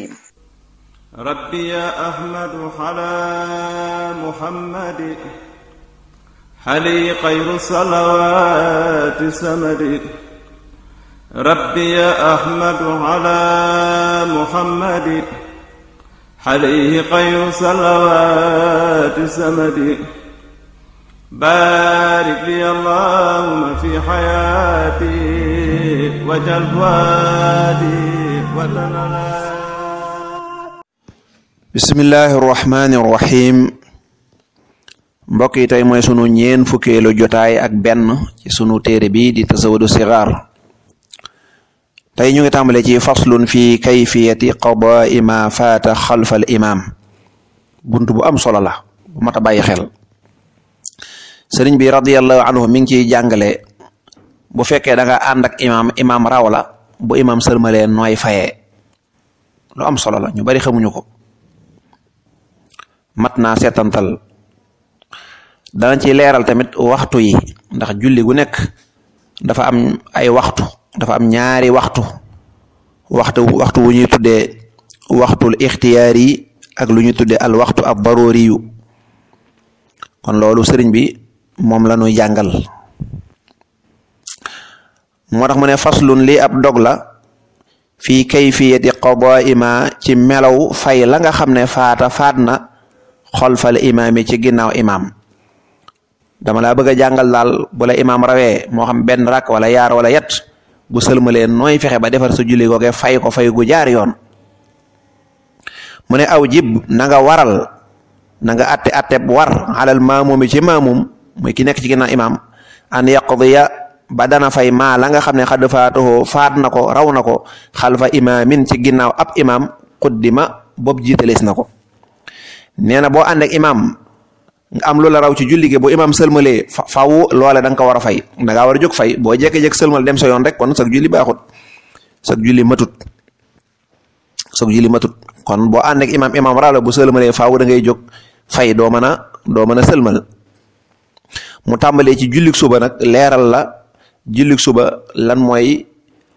الحكيم ربي يا أحمد على محمد حلي خير الصلوات سمد ربي يا أحمد على محمد عليه خير صلوات سمد بارك لي اللهم في حياتي وجل وادي وتنالي bismillahi irrahmani irrahim mbokk yi tey mooy sunu ñeen fukkeelu jotaay ak benn ci sunu téere bi di tasawudu sigaar tey ñu ngi tàmbale ci faslun fi kayfiyati qadaa'i ma faata xalfal imaam bunt bu am solo la bu mat a bàyyi xel sëriñ bi radiallahu anhu mi ngi ciy jàngale bu fekkee danga nga imaam imaam raw la bu imaam sërmalee nooy fayee lu am solo la ñu bari xamuñu ko mat naa seetantal dana ci leeral tamit waxtu yi ndax julli gu nekk dafa am ay waxtu dafa am ñaari waxtu waxtu waxtu wu ñuy tuddee waxtul ixtiyaar yi ak lu ñuy tuddee al waxtu ab baroori kon loolu sëriñ bi moom la ñuy jàngal moo tax mu ne faslun lii ab dog la fii kayfiyati qadaa ima ci melaw fay langa xam ne faata faat xolfal imaam yi ci ginnaaw imaam dama laa bëgg a jàngal daal bu la rawee moo xam benn rakk wala yaar wala yet bu sëlmalee nooy fexe ba defar sa julli googee fay ko fay gu jaar yoon mu ne aw jib na nga waral na nga atte atte war xalal maamumi ci maamum muy ki nekk ci ginnaaw imaam an yaqdiya ba dana fay maa la nga xam ne xadd faatuhoo faat na ko raw na ko xalfa imaamin ci ginnaaw ab imaam xuddima bopp jiitalees na ko nee na boo ànd ak imaam am lu la raw ci julli gi bu imaam sëlmalee faw loola da nga ko war a fay da ngaa war a jóg fay boo jékki-jékki sëlmal dem sa yoon rek kon sag julli baaxut sag julli matut sag julli kon boo ànd ak imaam imaam raw la bu sëlmalee faaw da ngay fay doo mën a doo mën a sëlmal mu tàmbalee ci jullik suba nag leeral la jullik suba lan mooy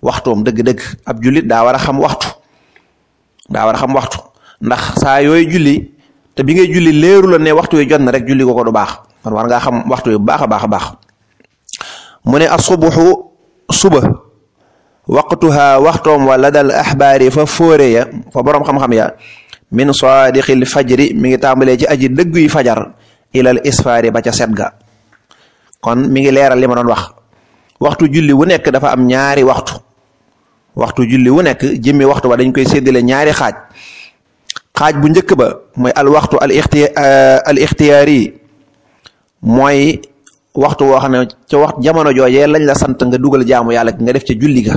waxtoom dëgg-dëgg ab jullit daa war a xam waxtu daa war a xam waxtu ndax saa yooyu julli te bi ngay julli leeru la ne waxtu wi jot na rek julli ko ko du baax kon war ngaa xam waxtu bu baax a baax a baax mu ne asubuxu suba waqtuha waxtoom wa ladal axbaari fa fóore ya fa boroom xam-xam ya min saadiqil fajri mi ngi tàmbalee ci aji dëgg yi fajar ilal isfaari ba ca set ga kon mi ngi leeral li ma doon wax waxtu julli wu nekk dafa am ñaari waxtu waxtu julli wu nekk jëmmi waxtu ba dañ koy séddale ñaari xaaj xaaj bu njëkk ba mooy al waxtu al ixti euh, al ixtiyaari yi mooy waxtu woo xam ne ca wax jamono joojee lañ la sant nga dugal jaamu yàlla nga def ca julli ga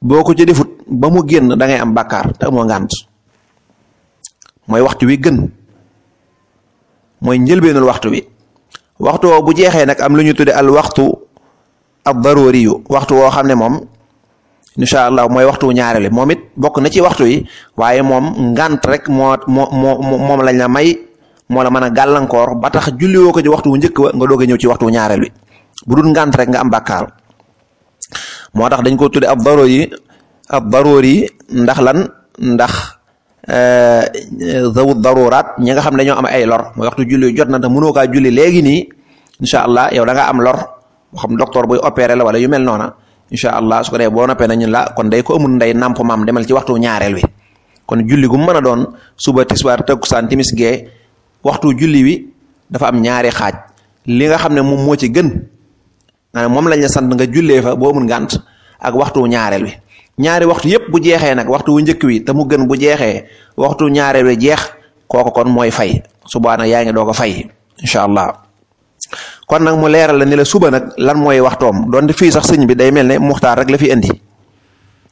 boo ko ca defut ba mu génn dangay am bàkkaar te amoo ngànt mooy waxtu wi gën mooy njëlbeenul waxtu wi waxtu woo bu jeexee nag am lu ñu tudde al waxtu ad daruriyu waxtu woo xam ne moom incha allah mooy waxtu ñaareel moom moomit bokk na ci waxtu yi waaye moom ngant rek moo moo moo moom lañ la may moo la mën a gàllankoor ba tax julliwoo ko ci waxtu wu njëkk wa nga doog a ñëw ci waxtu ñaareel wi bu rek nga am bàkkaar tax dañ ko tudde ab daroor yi ab daroor yi ndax lan ndax eh, zawut daruraat ñi nga xam ne dañoo am ay lor mooy waxtu julli jot na te mënoo kaa julli léegi nii incha allah yow da nga am lor xam docteur buy opéré la wala yu mel noona incha allah su ko boo noppee nañu la kon day ko amul nday nàmp maam demal ci waxtu ñaareel wi kon julli gu mu mën a doon suba tisbaar takkusaan timis gee waxtu julli wi dafa am ñaari xaaj li nga xam ne moom moo ci gën nga ne moom lañ la sant nga jullee fa boo amul ngànt ak waxtu ñaareel wi ñaari waxtu yépp bu jeexee nag waxtu wu njëkk wi te mu gën bu jeexee waxtu ñaareel wi jeex kooku kon mooy fay subaana yaa ngi doo ko fay incha allah kon nag mu leeral la ni la suba nag lan mooy waxtoom donte fii sax sëñ bi day mel ne muxtaar rek la fi indi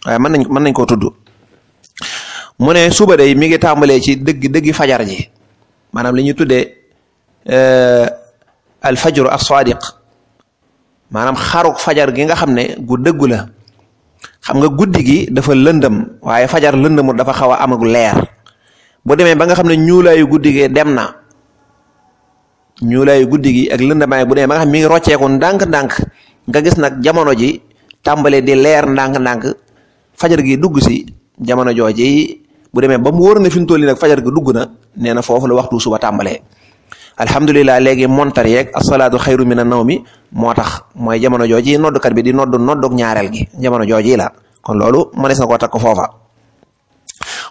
waaye mën nañ mën nañ koo tudd mu ne suba day mi ngi tàmbalee ci dëgg dëggi fajar ji maanaam li ñuy tuddee euh, al fajru as maanaam xaruk fajar gi nga xam ne gu dëggu la xam nga guddi gi dafa lëndëm waaye fajar lëndëmul dafa xaw a amagul leer bu demee ba nga xam ne ñuulaayu guddi gi dem na ñuulaayu guddi gi ak lëndamaay bu dee ba nga xam mi ngi rocceeku ndànk-ndànk nga gis nag jamono ji tàmbalee di leer ndànk-ndànk fajar gi dugg si jamono jooji bu demee ba mu wóor na fi mu toll nag fajar gi dugg na nee na foofu la waxtu suba tàmbalee alhamdulilah léegi montar yeeg asalaatu na mina mi moo tax mooy jamono jooji noddukat bi di noddu noddoog ñaareel gi jamono jooji la kon loolu mënees na koo takk foofa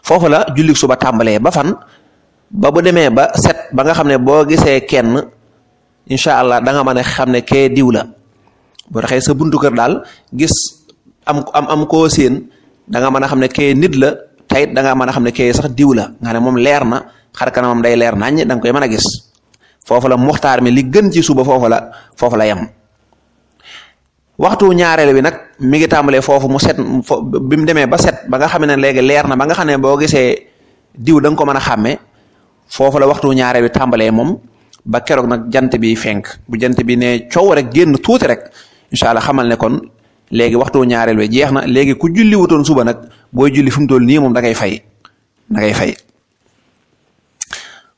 foofu la jullik suba tàmbalee ba fan ba bu demee ba set ba nga xam ne boo gisee kenn incha allah danga nga mën a xam ne kee diw la boo sa buntu kër daal gis am am am koo séen danga nga mën a xam ne kee nit la tayit da nga mën a xam ne kee sax diw la nga ne moom leer na xar kanamam day leer naññ da koy mën a gis foofu la muxtaar mi li gën ci suba foofu la foofu la yem waxtu ñaareel bi nag mi ngi tàmbalee foofu mu set bi mu demee ba set ba nga xam ne léegi leer na ba nga xam ne boo gisee diw danga ko mën a xàmmee foofu la waxtu ñaare bi tàmbalee moom ba keroog nag jant bi fenk bu jant bi ne coow rek génn tuuti rek incha allah xamal ne kon léegi waxtu ñaareel bi jeex na léegi ku julli wutoon suba nag booy julli fu mu toll nii moom da ngay fay da ngay fay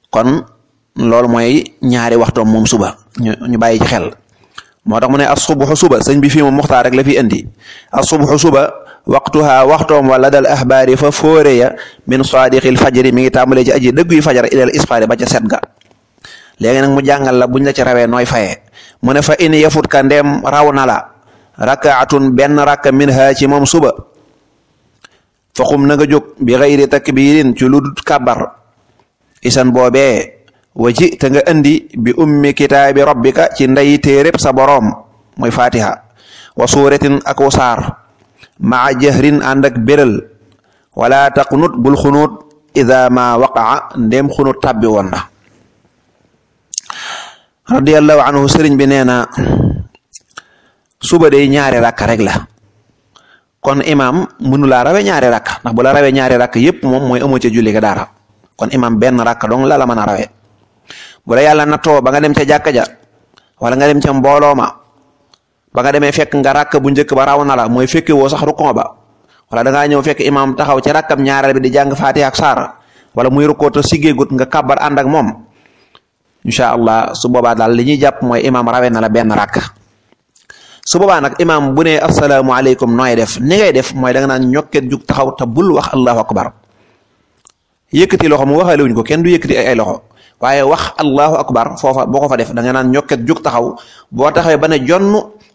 kon loolu mooy ñaari waxtoom moom suba ñu ñu bàyyi ci xel moo tax mu ne as subuxu suba sëñ bi fii moom muxtaar rek la fi indi as subuxu suba waqtuha waxtoom wala dal axbaari fa fóore ya min saadiqil fajri mi ngi tàmbalee ci aji dëgg yu fajar ilal isfaari ba ca set ga léegi nag mu jàngal la buñ la ci rawee nooy fayee mu ne fa in yafut ka ndeem raw na la rakaatun benn rakka min ha ci moom suba fa naga jóg bi xayri takbirin ci lu dut kàbbar isan boobee waji te nga andi bi ummi kitaabi rabbika ci nday téereb sa boroom mooy fatiha wa suuratin ak wasaar maa jahrin ànd ak béral wala taqnut bul xunuut ida ma waqaa ndem xunuut woon na radiallahu anhu sëriñ bi nee na suba day ñaari rakka rek la kon imaam mënu laa rawe ñaari ndax bu la rawe ñaari rakka yépp moom mooy amoo ca julli ga dara kon imaam benn rakka dong la la mën a rawe bu la yàlla nga dem ca jàkka ja wala nga dem ca mbooloo ba nga demee fekk nga rakk bu njëkk ba raw na la mooy fekk woo sax rukon ba wala da ñëw fekk imaam taxaw ci rakkam ñaareel bi di jàng faate ak saar wala muy rukkoo te siggeegut nga kàbbar ànd ak moom incha allah su boobaa daal li ñuy jàpp mooy imaam rawe na la benn rakk su boobaa nag imam bu ne asalaamaaleykum nooy def ni ngay def mooy danga nga naan ñokket jug taxaw te bul wax allahu akbar yëkkati loxo mu wuñ ko kenn du yëkkati ay loxo. waaye wax allahu akbar foofa boo ko fa def da naan ñokket jug taxaw boo taxawee ba ne jonn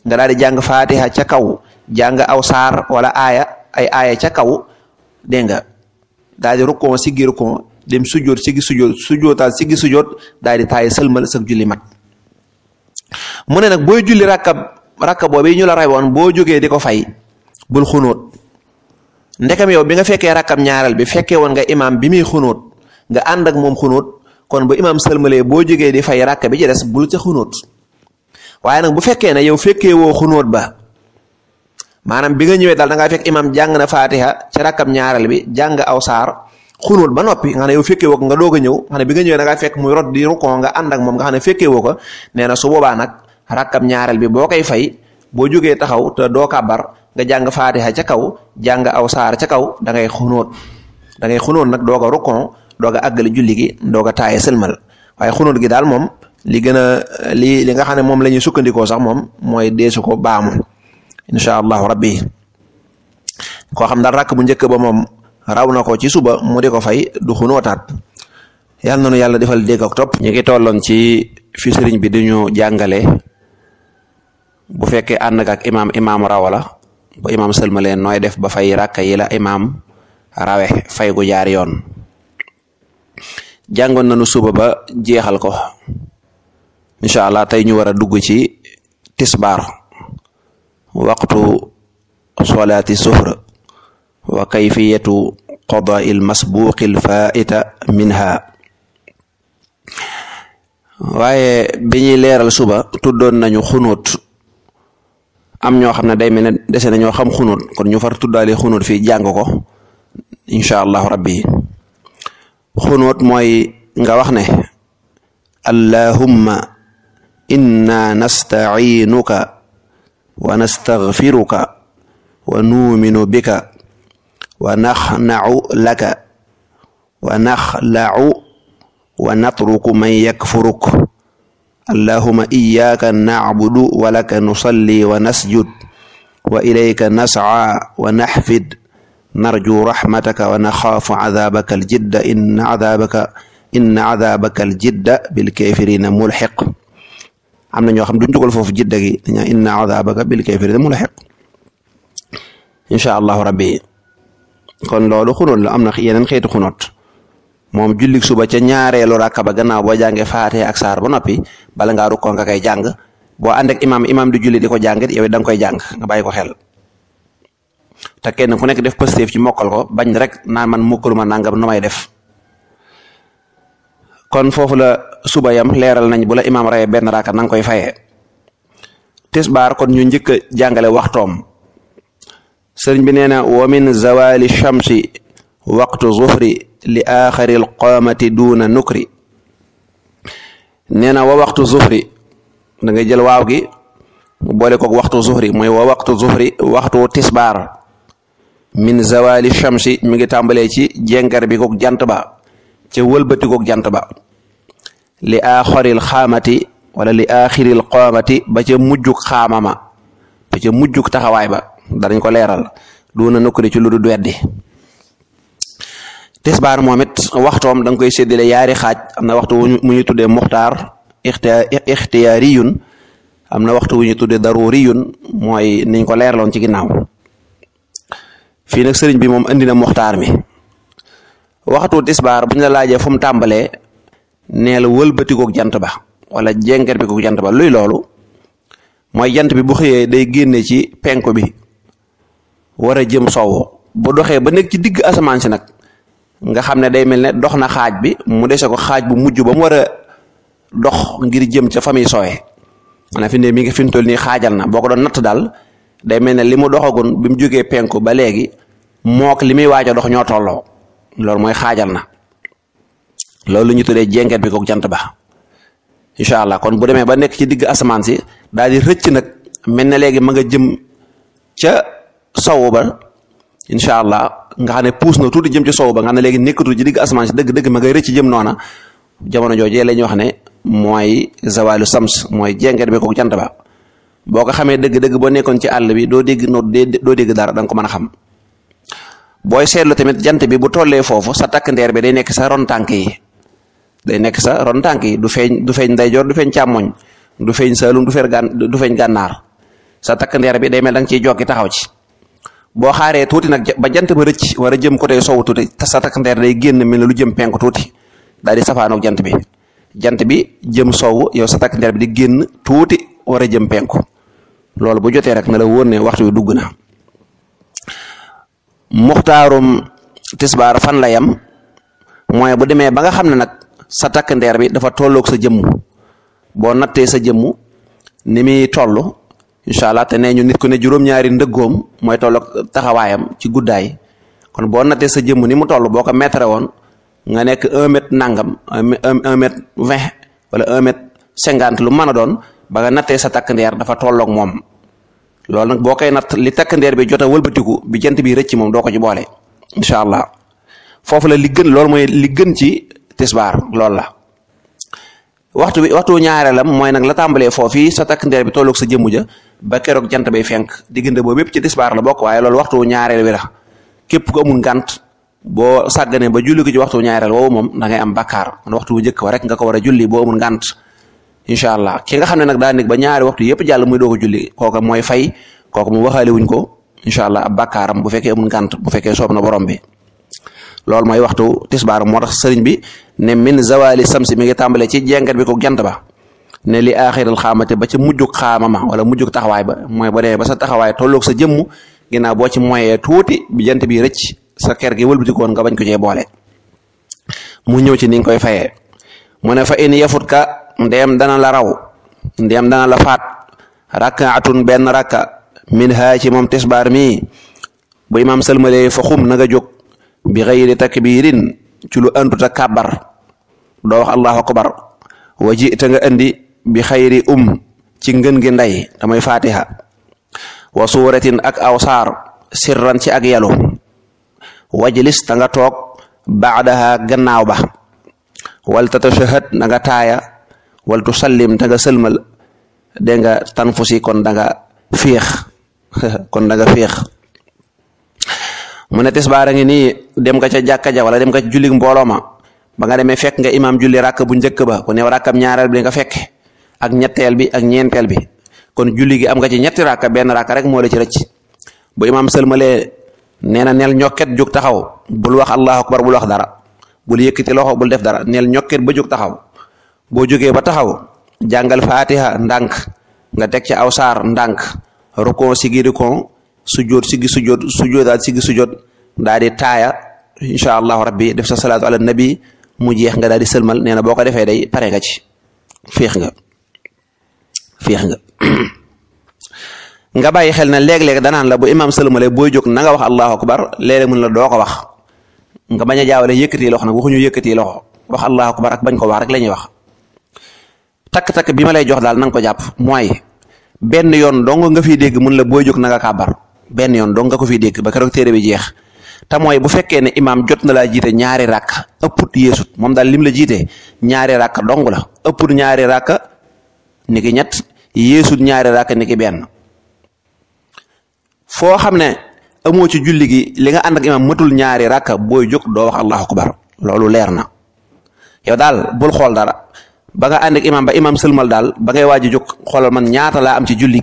nga daal di jàng fatiha ca kaw jàng aw saar wala aaya ay aaya ca kaw dégg nga daal di rukkoo siggi rukkoo dem sujjoot siggi sujjoot sujjootaal siggi sujjoot daal di taay sëlmal sa julli mat mu ne nag booy julli rakkab rakka boobu yi ñu la woon boo jógee di ko fay bul xunóot ndekam yow bi nga fekkee rakkab ñaareel bi fekkee woon nga imaam bi muy xunóot nga ànd ak moom xunóot kon bu imaam sëlmalee boo jógee di fay ràkk bi ci des bul ca xunóot waaye nag bu fekkee ne yow fekkee woo xunóot ba maanaam bi nga ñëwee daal da ngaa fekk imaam jàng na faatiha ci rakkam ñaareel bi jàng aw saar xunóot ba noppi nga xam ne yow nga doog ñëw nga bi nga ñëwee da ngaa muy rot di rukoo nga ànd ak moom nga xam ne ko nee na su boobaa nag rakkam ñaareel bi boo koy fay boo jógee taxaw te doo kàbbar nga jàng faatiha ca kaw jàng aw saar ca kaw da xunóot dangay ngay xunóot nag doog a rukoo doog a àggali julli gi doog a taaye sëlmal waaye xunóot gi daal moom li gën a li li nga xam ne moom la ñuy sukkandikoo sax moom mooy deesu ko baamu incha allahu rabbi koo xam daal rakk bu njëkk ba moom raw na ko ci suba mu di ko fay du xunóotaat yàlla na nu yàlla defal dégg ak topp. ñu ngi tolloon ci fi sëriñ bi di ñu jàngale bu fekkee ànd ak imaam imaam raw la ba imaam sëlmaleen nooy def ba fay rakk yi la imaam rawe fay gu jaar yoon. jàngoon nañu suba ba jeexal ko incha allah tey ñu war a dugg ci tisbaar waqtu solaati suhr wa kayfiyatu qadaai almasbuqi alfaita minha waaye bi ñuy leeral suba tuddoon nañu xunóot am ñoo xam ne day mel ne dese na ñoo xam xunuut kon ñu far tuddaale xunuut fii jàng ko incha allahu rabbi xunuut mooy nga wax ne allahumma inna nastaciinuka wa nastaghfiruka wa nuuminu bika wa naxnacu laka wa naxlacu wa man yakfuruk allahuma iyaaka nacbudu wa laka nusalli wa nasjud wa ilayka nasca wa naxfid narju raxmataka wa naxaafu cadaabaka aljidda inna cadaabaka inna cadaabaka aljidda bilkafirina mulxiq am na ñoo xam duñ dugal foofu jidda gi dañaa inna cadaabaka bilkafirina mulxiq incha allahu rabbi kon loolu xunoot la am na yeneen xeetu xunoot moom jullik suba ca ñaareelu rakka ba gannaaw boo jàngee faatee ak saar ba noppi bala ngaa rukkoo nga koy jàng boo ànd ak imaam imaam di julli di ko jàngit yow da nga koy jàng nga bàyyi ko xel te kenn ku nekk def positif ci mokkal ko bañ rek naan man mokkaluma nangam nu may def kon foofu la suba yam leeral nañ bu la imaam raye benn raaka na koy fayee tisbaar kon ñu njëkk a jàngale waxtoom sëriñ bi nee na wa min zawali shamsi waqtu zuhri li aaxaril qoomati duuna nukri nee na wa waxtu zuhri danga jël waaw gi boole koog waxtu zuhri mooy wa waxtu zuhri waxtu tisbaar min zawali shamsi mi ngi tàmbalee ci jengar bi kook jant ba ca wëlbati jant ba li aaxiril xaamati wala li aaxiril xoomati ba ca mujjug xaamama ba ca mujjug taxawaay ba danañ ko leeral doona nukkuri ci lu du weddi tisbaar moom it waxtoom da koy séddale yaari xaaj am na waxtu mu ñuy tudde muxtaar ixtiyaariyun am na waxtu wu ñuy tuddee daruriyun mooy niñ ko leeraloon ci ginnaaw fii nag sëriñ bi moom indi na muxtaar mi waxtu tisbaar buñ la laajee fu mu tàmbalee neel wëlbatikook jant ba wala jenker bi kook jant ba luy loolu mooy jant bi bu xëyee day génne ci penk bi war a jëm sowwu bu doxee ba nekk ci digg asamaan si nag nga xam ne day mel ne dox na xaaj bi mu dese ko xaaj bu mujj ba mu war a dox ngir jëm ca famille sooyee maanaam fi ne mi ngi fi mu toll nii xaajal na boo ko doon natt daal day mel ne li mu doxagun bi mu jógee penku ba léegi mook li muy waaj dox ñoo tolloo loolu mooy xaajal na loolu ñu tuddee jenket bi ko jant ba incha allah kon bu demee ba nekk ci digg asamaan si daal di rëcc nag mel na léegi ma nga jëm ca sowu ba incha allah nga xam ne puus na tuuti jëm ci sowu ba nga xam ne léegi nekkatul ci digg asamaan si dëgg dëgg ma ngay rëcc jëm noona jamono jooju la ñuy wax ne mooy zawalu sams mooy jenket bi ko jant ba. boo ko xamee dëgg-dëgg boo nekkoon ci àll bi doo dégg noot doo dégg dara da ko mën a xam booy seetlu tamit jant bi bu tollee foofu sa takk ndeer bi day nekk sa tànk yi day nekk sa ron tànk yi du feeñ du feeñ ndeyjoor du feeñ càmmoñ du feeñ saalum du feer gan du feeñ gànnaar sa takk bi day mel da nga ciy jokki taxaw ci boo xaaree tuuti nag ba jant ba rëcc war a jëm côté sow tuuti sa takk ndeer day génn mi ne lu jëm penk tuuti daal di safaanoog jant bi jant bi jëm sowu yow sa takk ndeer bi di génn tuuti war a jëm penku loolu bu jotee rek na la wóor ne waxtu wi dugg na muxtaarum tisbaar fan la yem mooy bu demee ba nga xam ne nag sa takk ndeer bi dafa tolloog sa jëmm boo nattee sa jëmm ni muy toll incha allah te nee ñu nit ne juróom ndëggoom mooy tolloog taxawaayam ci guddaay kon boo nattee sa jëmm ni mu toll boo ko mètre woon nga nekk un nangam un mètre vingt wala un mètre lu mën a doon ba nga nattee sa takk ndeer dafa tolloog moom loolu nag boo koy natt li takk ndeer bi jot a wëlbatiku bi jant bi rëcc moom doo ko ci boole incha allah foofu la li gën loolu mooy li gën ci tisbaar loolu la waxtu bi waxtu ñaareelam mooy nag la tàmbalee foofii sa takk bi tolloog sa jëmm ja ba keroog jant bay fenk diggante boobu yëpp ci tisbaar la bokk waaye loolu waxtu ñaareel wi la képp ko amul ngànt boo sàgganee ba julli ko ci waxtu ñaareel woowu moom da ngay am bakkaar kon waxtu wu njëkk wa rek nga ko war a julli boo amul ngànt incha allah ki nga xam ne nag daa nekk ba ñaari waxtu yëpp jàll muy doog a julli kooka mooy fay kooka mu waxaale wuñ ko incha allah ab bakkaaram bu fekkee amul ngànt bu fekkee soob na borom bi loolu mooy waxtu tisbaar moo tax sëriñ bi ne min zawali samsi mi ngi tàmbale ci jengat bi ko gent ba ne li aaxiral xaamate ba ci mujjug xaama ma wala mujjug taxawaay ba mooy ba demee ba sa taxawaay tolloog sa jëmm ginnaaw boo ci moyee tuuti bi jant bi rëcc sa ker gi wëlbatikoon nga bañ ko cee boole mu ñëw ci ni nga koy fayee mu in yafut ndeem dana la raw ndeem dana la faat rakaatun benn rakka min haa ci moom tisbaar mi bu imaam sëlmalee fa xum na nga jóg bi xayri takbirin ci lu anduta kàbbar doo wax allahu akbar wa ji ta andi bi xayri um ci ngën gi ndey damay fatiha wa suuratin ak aw saar sirran ci ak yalu wajlis ta nga toog baadaha gannaaw ba wal tatashahad na nga taaya wal tu sallim ta nga sëlmal dégg nga tanfusi kon da fiix kon da nga féex mu ne tisbaar a ngi nii dem nga ca jàkka ja wala dem nga ca julli mbooloo ma ba nga demee fekk nga imam julli rakk bu njëkk ba ku neew rakkam ñaareel bi nga fekk ak ñetteel bi ak ñeenteel bi kon julli gi am nga ci ñetti rakk benn rakk rek moo la ci rëcc bu imaam sëlmalee nee na neel ñokket jóg taxaw bul wax allahu akbar bul wax dara bul yëkkati loxo bul def dara neel ñokket ba jóg taxaw boo jógee ba taxaw jàngal fatiha ndànk nga teg ci aw saar ndànk rukon sigi rukon sujjoot sigi sujjoot sujjootaat sigi sujjoot daal di taaya incha allahu rabbi def sa salaatu ala nabi mu jeex nga daal di sëlmal nee na boo ko defee day pare nga ci féex nga féex nga nga bàyyi xel na léeg-léeg danaan la bu imaam sëlmale booy jóg na nga wax allahu akbar bar léeg mun la doo ko wax nga bañ a jaawale yëkkati loxo nag waxuñu yëkkati loxo wax allahu akbar ak bañ ko wax rek la ñuy wax takk-takk bi ma lay jox daal na nga ko jàpp mooy benn yoon dong nga fiy dégg mën la booy jóg na nga kàbbar benn yoon dong nga ko fi dégg ba keroog téere bi jeex te mooy bu fekkee ne imaam jot na laa jiite ñaari rakk ëpput yeesut moom daal lim la jiite ñaari rakk dong la ëpput ñaari rakk ni ki ñett yeesut ñaari rakk ni benn foo xam ne amoo ci julli gi li nga ànd ak imaam matul ñaari rakk booy jóg doo wax allahu akbar loolu leer na yow daal bul xool ba nga ànd ak ba imaam sëlmal daal ba ngay waaj a jóg xoolal man ñaata laa am ci julli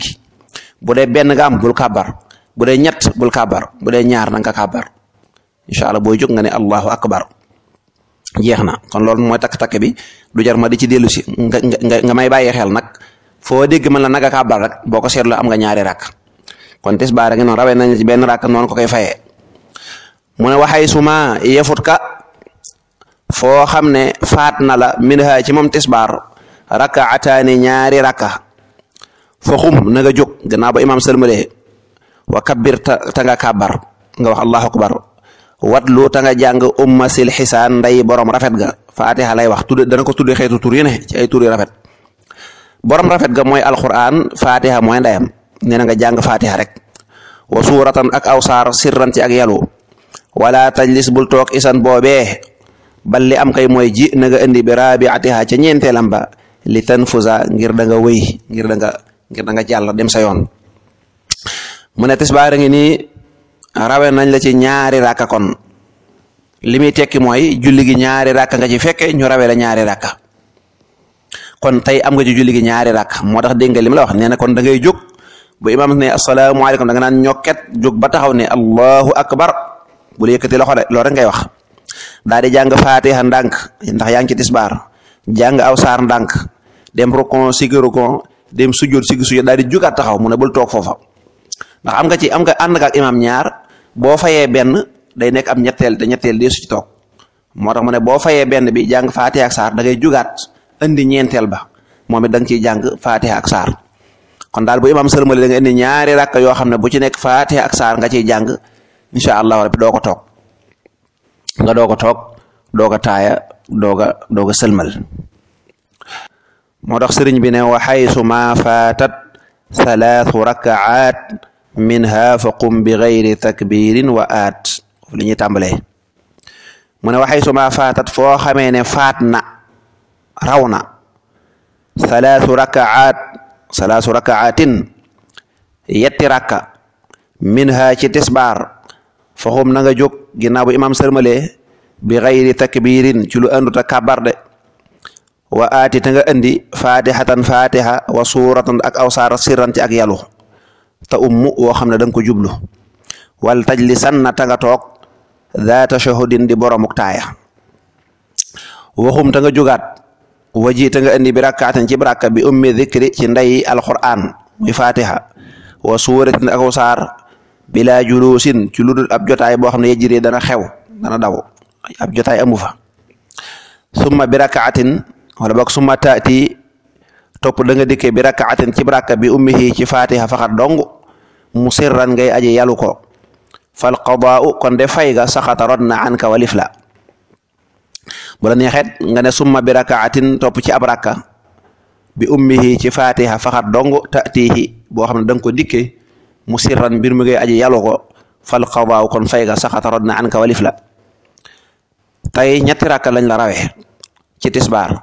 bu dee benn nga am ka kàbbar bu dee ñett bul bar bu dee ñaar na nga kàbbar incha allah booy jóg nga ne allahu akbar jeex na kon loolu mooy takk-takk bi du jar ma di ci dellu si nga nga nga may bàyyi xel nag foo dégg man la naga kàbbar rek boo ko seetloo am nga ñaari rakk kon tes baara nga noonu rawee nañ ci benn rakk noon ko koy fayee mu ne waxay suma yefut ka foo xam ne faat na la min ha ci moom tisbaar rakaataani ñaari raka fa xum na nga jóg gannaaw ba imaam sëlmalee wa kabbir ta nga kàbbar nga wax allahu akbar watlu ta nga jàng umma sil xisaan nday borom rafet ga faatiha lay wax tudde dana ko tudde xeetu tur yi ci ay tur yu rafet borom rafet ga mooy alquran faatiha mooy ndayam nee na nga jàng faatiha rek wa suuratan ak aw saar sirran ci ak yalu wala tajlis bul toog isan boobee bal li am kay mooy ji na nga indi bi rabiatiha ca ñeenteelam ba li tanfusa ngir ngir da nga ngir da nga jàll dem sa yoon mu ne tisbaar ngi nii rawe nañ la ci ñaari rakka kon li muy tekki mooy julli gi ñaari rakka nga ci fekke ñu rawe la ñaari rakka kon tey am nga ci julli gi ñaari rakka moo tax dégg nga la wax nee na kon da ngay jóg bu imaam ne asalaamaaleykum da nga naan ñokket jóg ba taxaw ne allahu akbar bu la yëkkati loxo de loolu rek ngay wax daa di jàng faatiha ndànk ndax yaa ngi ci tisbaar jàng aw saar ndànk dem rokon sigi rokon dem sujjóot sigi sujjóot daal di jugaat taxaw mu ne bul toog foofa ndax am nga ci am nga ànd ak imaam ñaar boo fayee benn day nekk am ñetteel da ñetteel dee su ci toog moo tax mu ne boo fayee benn bi jàng faatiha ak saar da ngay jugaat indi ñeenteel ba moom it da ciy jàng faatiha ak saar kon daal bu imaam sëlmali da nga indi ñaari yoo xam ne bu ci nekk faatiha ak saar nga ciy jàng incha allah bi doo ko toog nga doog a toog doog a taaya doog a doog a sëlmal moo tax sëriñ bi ne wa xaysu ma faatat salaatu rakaat minha fa qum bi gayri wa aat li ñuy tàmbalee mu ne wa xaysu ma faatat foo xamee ne faat na raw na salaatu rakaat salaatu rakaatin yetti rakka minha ci faxum na nga jóg ginnaaw bu imaam sërmalee bi xayri takbirin ci lu àndut ta kàbbar de wa aati te nga andi fatihatan fatiha wa suuratan ak aw saara sirran ci ak yalu ta ummu woo xam ne da ko jublu wal tajlisan na ta nga toog daata shahudin di boromuk taaya waxum ta nga jugaat waji ta nga andi bi rakkaatan ci rakka bi ummi dikri ci ndey alquran muy fatiha wa suuratin ak aw bilaa juluusin ci lu ab jotaay boo xam ne yejjiri dana xew dana daw ab jotaay amu fa summa bi rakaatin wala boog summa taati topp da nga dikkee bi rakaatin ci rakka bi ummihi ci fatiha ngay aje ko fal qadaau kon de fay ga saxata nga ne summa bi topp ci ab rakka bi ummihi ci fatiha faxat dong taatihi boo xam ne da ko dikkee mu sirran mbir mu ngay aji yàlla ko fal xawbaaw kon fay ga saxata rod na an ka walif la tey ñetti rakka lañ la rawe ci tisbaar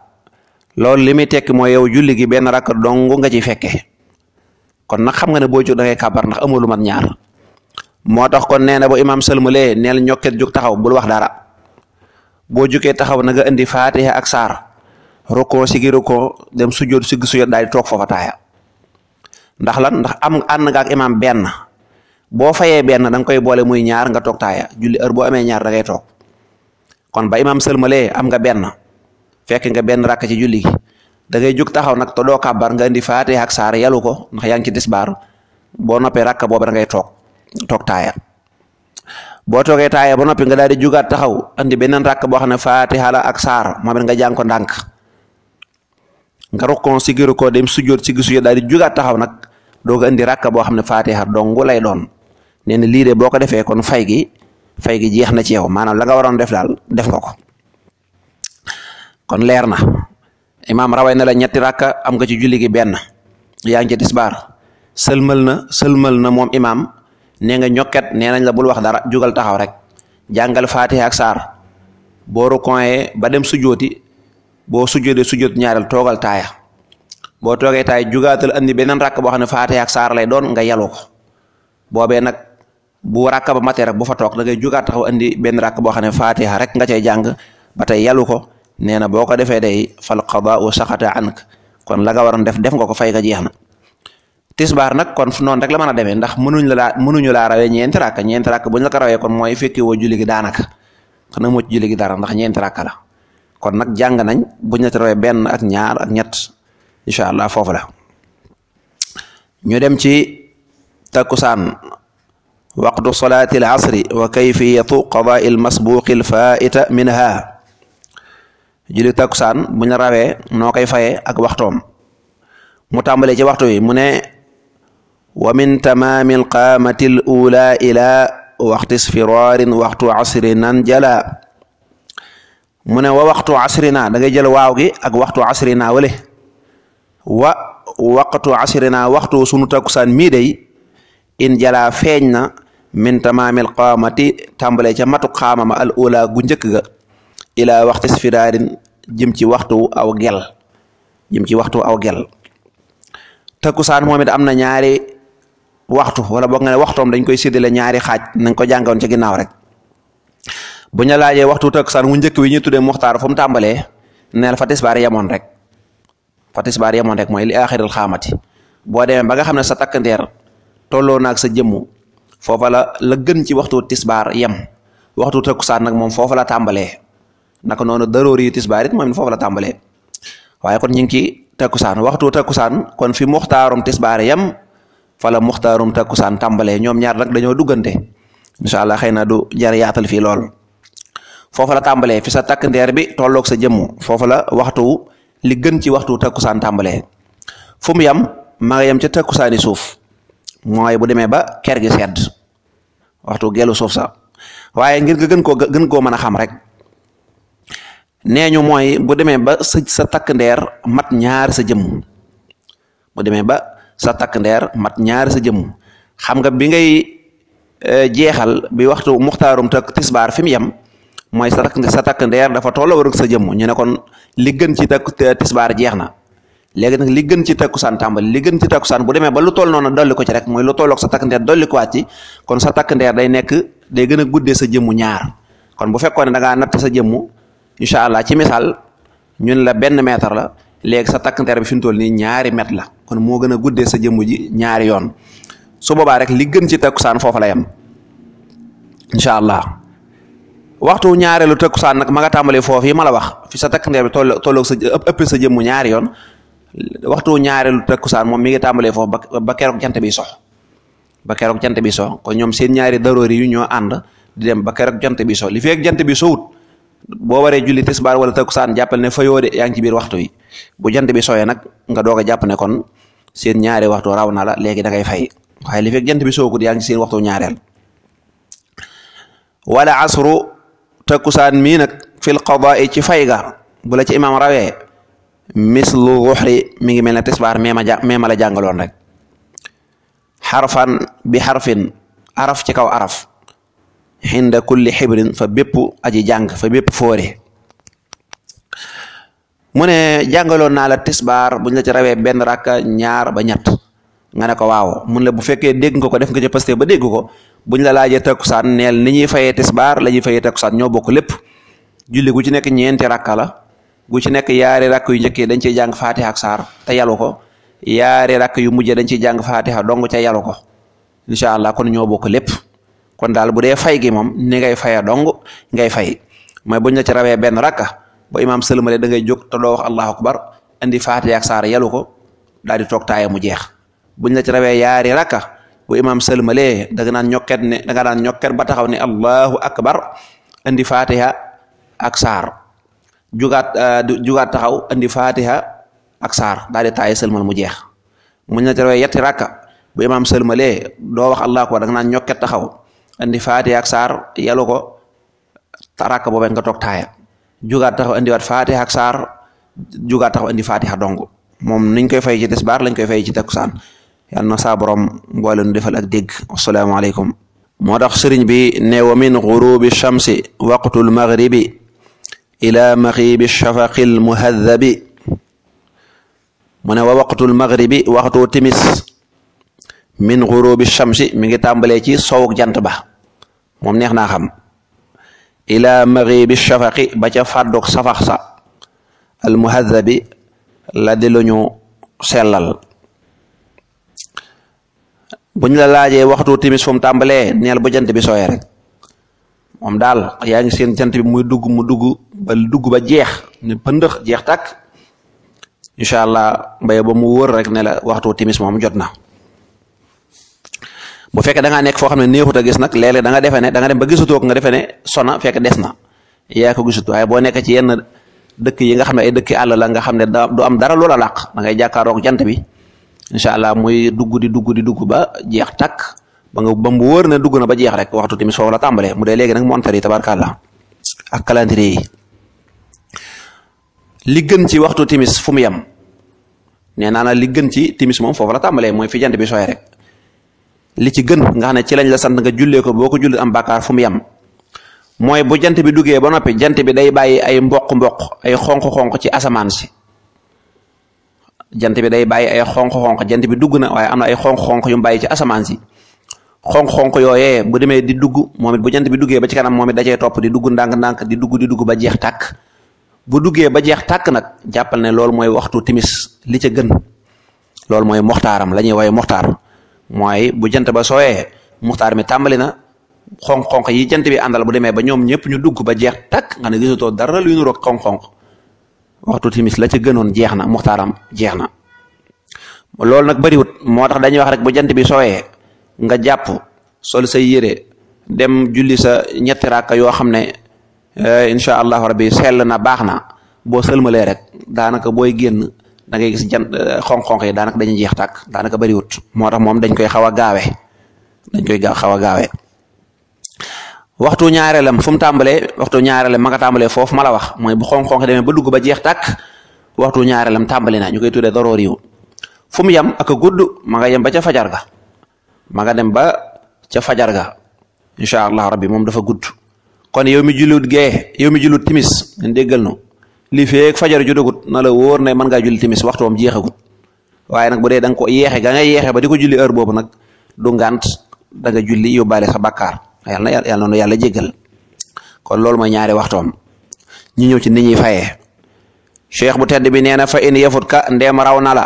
loolu li muy tekki mooy yow julli gi benn rakk dong nga ci fekke kon nag xam nga ne boo jóg da ngay ndax amul lu mat ñaar moo tax kon nee na bu imaam sëlmalee neel ñokket jóg taxaw bul wax dara boo jógee taxaw na nga indi faatiha ak saar rukkoo sigi rukkoo dem sujjóot siggi sujjóot daal di toog foofa ndax lan ndax am ànd nga ak imaam benn boo fayee benn da nga koy boole muy ñaar nga toog taaya julli heure boo amee ñaar da toog kon ba imaam sëlmalee am nga benn fekk nga benn rakk ci julli da ngay jóg taxaw nag te doo kàbbar nga indi faatee ak saar yalu ko ndax yaa ngi ci tisbaar boo noppee rakk boobu da ngay toog toog taaya boo toogee taaya ba noppi nga daal di jugaat taxaw andi beneen rakk boo xam ne faatiha la ak saar moom it nga jàng ko ndànk nga rokkoon si koo de dem sujjóot si gisu daal di jugaat taxaw nag doog a indi rakka boo xam ne faatiha dongu lay doon nee na lii de boo ko defee kon fay gi fay gi jeex na ci yow maanaam la nga waroon def daal def nga ko kon leer na imaam raway na la ñetti rakka am nga ci julli gi benn yaa ngi ci tisbaar sëlmal na sëlmal na moom imaam nee nga ñokket nee nañ la bul wax dara jugal taxaw rek jàngal faatiha ak saar boo rukoyee ba dem sujooti boo sujootee sujoot ñaareel toogal taaya boo toogee taay jugaatal andi beneen rakk boo xam ne faatee ak saar lay doon nga yalu ko nag bu rakk ba matee rek fa toog da ngay jugaat taxaw andi benn rakk boo xam ne faatiha rek nga cay jàng ba tey yalu ko nee na boo ko defee day fal qadaau saxata ank kon la nga waroon def def nga ko fay nga jeex na. tisbaar nag kon noon rek la mën a demee ndax mënuñ la laa mënuñu laa rawee ñeenti rakk ñeenti rakk buñ la ko rawee kon mooy fekki woo julli daanaka xana mucc julli gi dara ndax ñeenti rakk la kon nag jàng nañ bu la ci rawee benn ak ñaar ak ñett. incha allah foofu la ñu dem ci takkusaan waqtu salaati al asri wa kayfiyatu qadaa bu ñu noo koy fayee ak waxtoom mu tàmbalee ci waxtu wi mu ne wa min tamaami waxtu isfiraarin waxtu asri mu ne wa waxtu asri naa da ngay jël waaw gi ak waxtu asri naa wale wa waqtu asrina waxtu sunu takkusaan mii day in jalaa feeñ na min tamaamil qaamati ca matu xaamama al ula gu njëkk ga ilaa waxtu sfiraarin jëm ci waxtu aw gel jëm ci waxtu aw gel takkusaan moom it am na ñaari waxtu wala boog nga ne waxtoom dañ koy séddale ñaari xaaj nañ ko jàngoon ci ginnaaw rek bu ñu laajee waxtu takkusaan wu njëkk wi ñu tuddee muxtaar fu mu tàmbalee neel fa tisbaar yemoon rek fa tisbaar yemoon rek mooy li aaxiril xaamati boo demee ba nga xam ne sa takkandeer tolloo naag sa jëmm foofa la la gën ci waxtu tisbaar yam waxtu takkusaan nag moom foofa la tàmbalee naka noonu daroor yi tisbaar it moom foofa la tàmbalee waaye kon ñu ngi ci takkusaan waxtu takkusaan kon fi muxtaarum tisbaar yem fa la muxtaarum saan tàmbalee ñoom ñaar nag dañoo duggante incha allah xëy na du jar yaatal fii lool foofa la tàmbalee fi sa takkandeer bi tolloog sa jëmmu foofa waxtu li gën ci waxtu takkusaan tàmbalee fu mu yam ma nga yam ca takkusaani suuf mooy bu demee ba ker gi sedd waxtu geelu suuf sa waaye ngir nga gën koo gën koo mën a xam rek nee ñu mooy bu demee ba sa sa takk ndeer mat ñaar sa jëmm bu demee ba sa takk mat ñaari sa jëmm xam nga bi ngay eh, jeexal bi waxtu muxtaarum takk tisbaar fi mu yem mooy sa takk sa takk ndeer dafa tolloo war ak sa jëmm ñu ne kon li gën ci takku tisbaar jeex na léegi nag li gën ci takkusaan tàmbali li gën ci takkusaan bu demee ba lu toll noonu dolli ko ci rek mooy lu tolloog sa takk ndeer ci kon sa takk day nekk day gën a guddee sa jëmm ñaar kon bu fekkoon ne da ngaa natt sa jëmmu incha allah ci misaal ñun la benn mètre la léegi sa takk ndeer bi fi mu toll nii ñaari mètre la kon moo gën a guddee sa jëmmu ji ñaari yoon su boobaa rek li gën ci takkusaan foofu la yem incha allah waxtu ñaareelu takkusaan nag ma nga tàmbali foofu yi ma la wax fi sa takk ndeer bi toll tolloog sa ëpp sa jëmmu ñaari yoon waxtu ñaareelu saan moom mi nga tàmbalee foofu ba ba keroog jant bi ba keroog jant bi sox kon ñoom seen ñaari daroori yu ñoo ànd di dem ba keroog jant bi sox li fekk jant bi sowut boo waree julli tisbaar wala saan jàppal ne fa yoo de yaa ngi ci waxtu yi bu jant bi yee nag nga doog a jàpp ne kon seen ñaari waxtu raw na la léegi da ngay fay waaye li fekk jant bi sowut yaa ngi ci seen waxtu ñaareel wala asru takkusaan mii nag fil qadaa'i ci fay ga bu la ci imaam rawee mislu wuxri mi ngi mel ne tisbaar meema ja meema la jàngaloon rek xarfan bi xarfin araf ci kaw araf xinda kulli xibrin fa bépp aji jàng fa bépp foore mu ne jàngaloon naa la tisbaar buñ la ci rawee benn rakka ñaar ba ñett nga ne ko waaw mun la bu fekkee dégg nga ko def nga ci posté ba dégg ko bu ñu la laajee saan neel ni ñuy fayee tisbaar la ñuy fayee takkusaan ñoo bokk lépp julli gu ci nekk ñeenti rakka la gu ci nekk yaari rakk yu njëkkee dañ ciy jàng faatiha ak saar te yalu ko yaari rakk yu mujjee dañ ciy jàng faatiha dong ca yalu ko incha allah kon ñoo bokk lépp kon daal bu dee fay gi moom ni ngay faya dong ngay fay mooy buñ la ci rawee benn rakka ba imaam sëlmale da ngay jóg te doo wax allahu akbar indi faatiha ak saar yalu ko daal di toog taaye mu jeex buñ la ci rawee yaari rakka bu imaam sëlmalee da nga naan ñokket ne da nga naan ñokket ba taxaw ne allahu akbar andi fatiha ak saar jugaat euh, taxaw andi fatiha ak saar daal di taaye jeex mu na tarawee yetti rakka bu imaam doo wax allah akbar nga naan ñokket taxaw andi fatiha ak saar yalu ko rakka boobee toog taaya jugaat taxaw andiwaat fatiha ak saar jugaat taxaw andi fatiha dong moom niñ koy fay ci tisbaar lañ koy fay ci te takkusaan yàlla na saa borom mboole nu defal ak dégg asalaamaaleykum moo tax sëriñ bi ne wa min gurubi shamsi waqtul maghribi ila maxiibi shafaqil muhaddabi mu ne wa waqtul maghribi mi ngi tàmbalee ci sowuk jant ba moom neex naa xam ila maxiibi shafaqi ba ca fàdduk safax sa al muhaddabi la di sellal ñu la laajee waxtu timis fu tàmbalee neel bu jant bi sooyee rek moom daal yaa ngi seen jant bi muy dugg mu dugg ba dugg ba jeex ne pëndëx jeex takk incha allah mbay ba mu wër rek ne la waxtu timis moom jot na bu fekkee da nekk foo xam ne neexut a gis nag léeg-léeg da nga defe ne da nga dem ba gisutoo ko nga defe ne sona fekk des na yaa ko gisut boo nekk ci yenn dëkk yi xam ne ay dëkk àll la nga xam ne du am dara loola làq da ngay jàkkaaroog jant bi incha allah muy dugg di dugg di dugg ba jeex takk ba nga ba mu wóor na dugg na ba jeex rek waxtu timis foofu la tàmbalee mu dee léegi nag montar yi yi li gën ci waxtu timis fu mu yem nee naa na li gën ci timis moom foofu la tàmbalee mooy fi jant bi sooy rek li ci gën nga xam ne ci lañ la sant nga jullee ko boo ko jullee am bàkkaar fu mu yem mooy bu jant bi duggee ba noppi jant bi day bàyyi ay mboq mboq ay xonq-xonq ci asamaan si jant bi day bàyyi ay xonq-xonq jant bi dugg na waaye am na ay xonq-xonq yu mu ci asamaan si xonq-xonq yooyee bu demee di dugg moom bu jant bi duggee ba ci kanam moom it da topp di dugg ndànk-ndànk di dugg di dugg ba jeex tàkk bu duggee ba jeex tàkk nag jàppal ne loolu mooy waxtu timis li ca gën loolu mooy moxtaaram la ñuy woy moxtaar mooy bu jant ba sooyee moxtaar mi tàmbali na xonq-xonq yi jant bi àndal bu demee ba ñoom ñëpp ñu dugg ba jeex tàkk nga ne gisatoo dara lu ñu roog xonq-xonq waxtu timis la ca gënoon jeex na muxtaaram jeex na loolu nag bariwut moo tax dañuy wax rek bu jant bi sooyee nga jàpp sol say yére dem julli sa ñetti raaka yoo xam ne eh, incha allahu rabbi seel na baax na boo sëlmalee rek daanaka booy génn da ngay gis jant eh, xonq-xonq yi daanaka dañuy jeex tàkk daanaka bariwut moo tax moom dañ koy xaw a gaawe dañ koy gaaw xaw a gaawe waxtu ñaareelam fu mu tàmbalee waxtu ñaareelam ma nga tàmbalee foofu ma la wax mooy bu xonq-xonq demee ba dugg ba jeex tàkk waxtu ñaareelam tàmbali na ñu koy tuddee daroo yiw fu mu yem ak a gudd ma nga yem ba ca fajar ga ma nga dem ba ca fajar ga incha allah rabbi moom dafa gudd kon yow mi jullit gee yow mi jullit timis ngeen déggal no li feek fajar judagut na la wóor ne mën ngaa julli timis waxtu wam jeexagut waaye nag bu dee da nga ko yeexe ga nga ba di ko julli heure boobu nag du ngant da nga julli yóbbaale sa bàkkaar yàlla na yal na yàlla jéggal kon loolu mooy ñaari waxtoom ñu ñëw ci nit ñuy fayee cheikh bu tedd bi nee na fa in yafut ka ndeem raw na la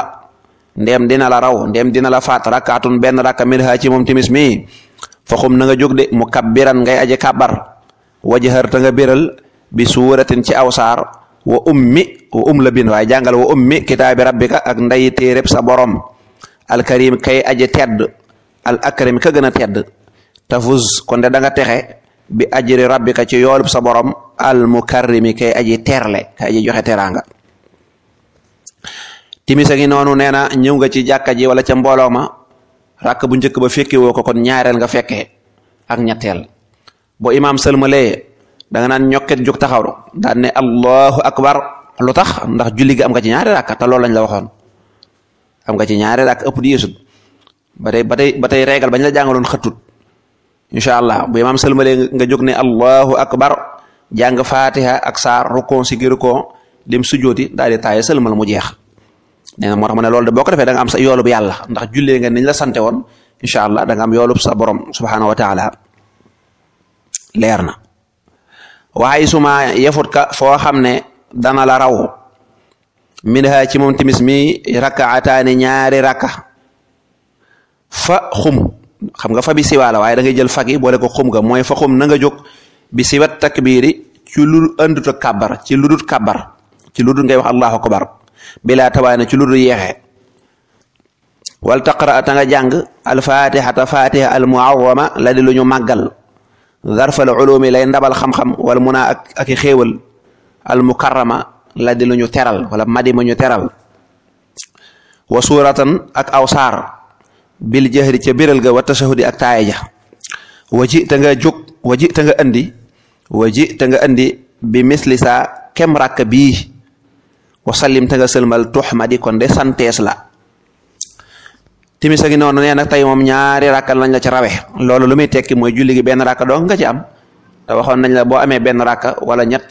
ndeem dina la raw ndeem dina la faat rakkaatun benn rakka min ha ci moom timis mi faxum na nga jóg de mu kabbiran ngay aje kabbar wajhar ta biral bi suuratin ci aw saar wa ummi wa um la bin waaye jàngal wa ummi kitaabi rabbika ak nday téereb sa borom alkarim kay aje tedd al akrim ka gën a tedd tafuz kon de danga texe bi ajri rabbika ci yoolub sa borom al mukarrimi kay aji terle kay aji joxe teraanga timisa ngi noonu nee na ñëw nga ci jàkka ji wala ca mbooloo ma rakk bu njëkk ba fekke woo ko kon ñaareel nga fekkee ak ñetteel bo imaam sëlmalee da nga naan ñokket jug taxaw daan ne allahu akbar lu tax ndax julli am nga ci ñaari rakk te loolu lañ la waxoon am nga ci ñaari rakk ëpp di yéesut ba tey ba tey ba reegal bañ la jàngaloon xëttut incha allah bu imaam sëlmalee nga jóg ne allahu akbar jàng fatiha ak saar rukkon si girukon dem sujooti daal di taaye sëlmal mu jeex nee na moo tax ma ne loolu de boo ko defee da am sa yoolub yàlla ndax jullee nga niñ la sante woon incha allah da nga am yoolub sa borom subhaanahu wa taala leer na waxay suma yefut ka foo xam ne dana la raw min ha ci moom timis mi rakaataani ñaari raka fa xum xam nga fa bi waaye da jël fag yi boole ko xum nga mooy fa xum na nga jóg bi siwat ci lu ëndut ak kàbbar ci lu dut kàbbar ci lu dut ngay wax allahu akbar bilaa tabaana ci lu dut yeexe wal taqra ta nga jàng alfatihata fatiha almuawama la di lu màggal zarfal ulumi ndabal xam wala mun a ak aki xéewal almukarrama la di lu ñu teral wala madi ma ñu teral wa suratan ak awsaar bil jahri ca biral ga wa tashahudi ak taaya ja wa ji ta nga jóg wa ji ta nga andi wa ji ta nga andi bi misli saa kem rakk bii wasallim ta nga sëlmal tuxmadi kon de santees la timis ngi noonu nee na tey moom ñaari rakka lañ la ci rawee loolu lu may tekki mooy julli benn rakka dong nga ci am te waxoon nañ la boo amee benn rakka wala ñett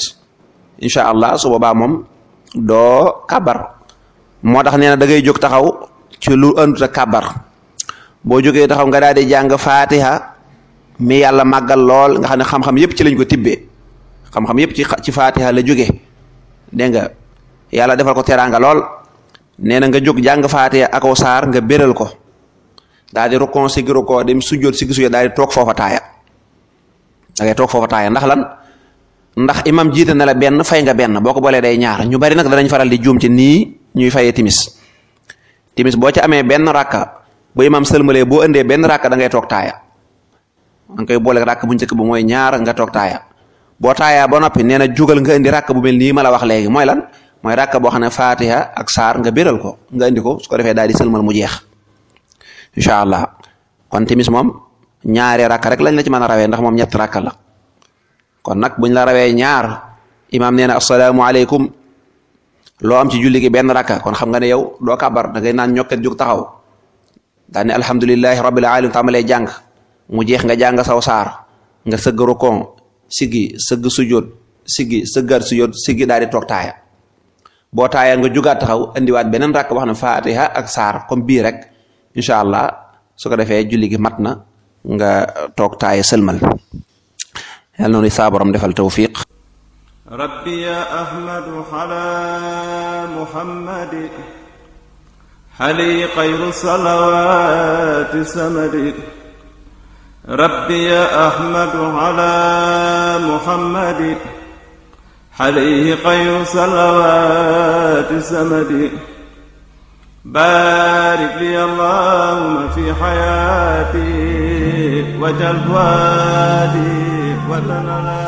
incha allah su boobaa moom doo kabar moo tax nee na da jóg taxaw ci lu ëndut a kabar boo jógee taxaw nga daal di jàng faatiha mi yàlla màggal lool nga xam ne xam-xam yépp ci lañ ko tibbee xam-xam yépp ci ci faatiha la jóge dégg nga yàlla defal ko teraanga lool nee na nga jóg jàng faatiha akaw saar nga béral ko daal di rukkoon si rukkoo dem sujjoot si gi sujjoot daal di toog foofa taaya da ngay toog foofa taaya ndax lan ndax imam jiite na la benn fay nga benn boo ko boolee day ñaar ñu bari nag danañ faral di juum ci nii ñuy fayee timis timis boo ci amee benn rakka bu imaam sëlmalee boo indee benn rakk dangay ngay toog taaya boole rakk bu njëkk ba mooy ñaar nga toog taaya boo taayaa ba noppi nee na jugal nga indi rakk bu mel nii ma la wax léegi mooy lan mooy rakk boo xam ne faatiha ak saar nga béral nga indi ko su ko defee daal di mu jeex kon timis moom ñaari rakk rek lañ la ci mën a rawee ndax moom ñett rakk la kon nag buñ la rawee ñaar imaam nee na asalaamaaleykum loo am ci julli gi benn rakka kon xam nga ne yow doo kàbbar da naan ñokket jóg taxaw. daane alhamdulilahi rabbil alamin tàmbalee jàng mu jeex nga jàng saw saar nga sëgg rukon sigi sëgg sujjóot sigi sëggaat sujjóot sigi daal di toog taaya boo taaya nga jugaat taxaw indiwaat beneen rakk wax na faatiha saar comme bii rek incha allah su ko defee julli mat na nga toog taaya sëlmal yàlla noonu saa borom defal tawfiq rabbi ya ahmadu ala muhammadi xali xayru salawaati samadi rabbi ya ahmadu ala muhammadi xali xayru salawaati samadi baarik li allahumma fi xayaati wajal waadi wa tanala